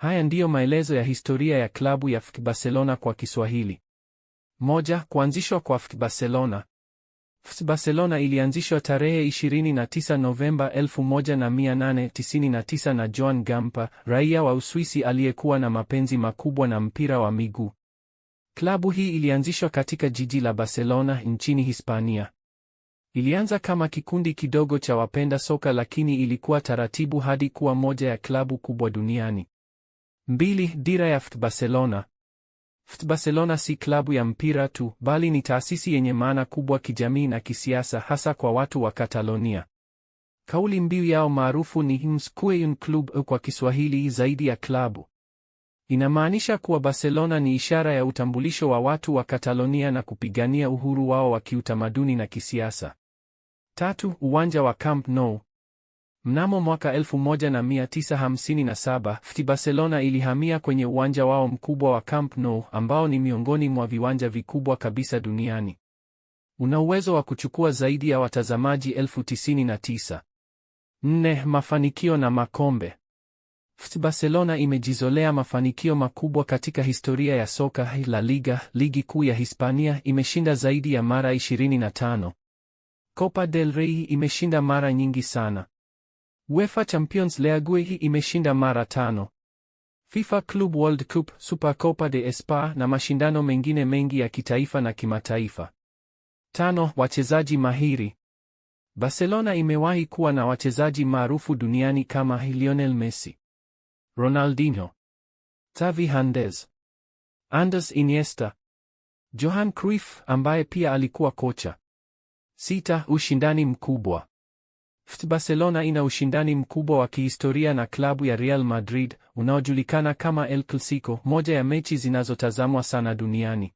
Haya ndiyo maelezo ya historia ya klabu ya FC Barcelona kwa Kiswahili. Moja, kuanzishwa kwa FC Barcelona. FC Barcelona ilianzishwa tarehe 29 Novemba 1899 na Joan Gamper, raia wa Uswisi aliyekuwa na mapenzi makubwa na mpira wa miguu. Klabu hii ilianzishwa katika jiji la Barcelona nchini Hispania. Ilianza kama kikundi kidogo cha wapenda soka lakini ilikuwa taratibu hadi kuwa moja ya klabu kubwa duniani. Mbili, dira ya FC Barcelona. FC Barcelona si klabu ya mpira tu, bali ni taasisi yenye maana kubwa kijamii na kisiasa, hasa kwa watu wa Katalonia. Kauli mbiu yao maarufu ni Msque un club, kwa Kiswahili zaidi ya klabu. Inamaanisha kuwa Barcelona ni ishara ya utambulisho wa watu wa Katalonia na kupigania uhuru wao wa kiutamaduni na kisiasa. Tatu, uwanja wa Camp Nou. Mnamo mwaka 1957 FC Barcelona ilihamia kwenye uwanja wao mkubwa wa Camp Nou ambao ni miongoni mwa viwanja vikubwa kabisa duniani. Una uwezo wa kuchukua zaidi ya watazamaji elfu tisini na tisa. Nne, mafanikio na makombe. FC Barcelona imejizolea mafanikio makubwa katika historia ya soka. La Liga, ligi kuu ya Hispania, imeshinda zaidi ya mara 25. Copa del Rey imeshinda mara nyingi sana. UEFA Champions League hii imeshinda mara tano. FIFA Club World Cup, Supercopa de Espa na mashindano mengine mengi ya kitaifa na kimataifa. Tano, wachezaji mahiri. Barcelona imewahi kuwa na wachezaji maarufu duniani kama Lionel Messi, Ronaldinho, Xavi Hernandez, Andres Iniesta, Johan Cruyff ambaye pia alikuwa kocha. Sita, ushindani mkubwa. FC Barcelona ina ushindani mkubwa wa kihistoria na klabu ya Real Madrid unaojulikana kama El Clasico, moja ya mechi zinazotazamwa sana duniani.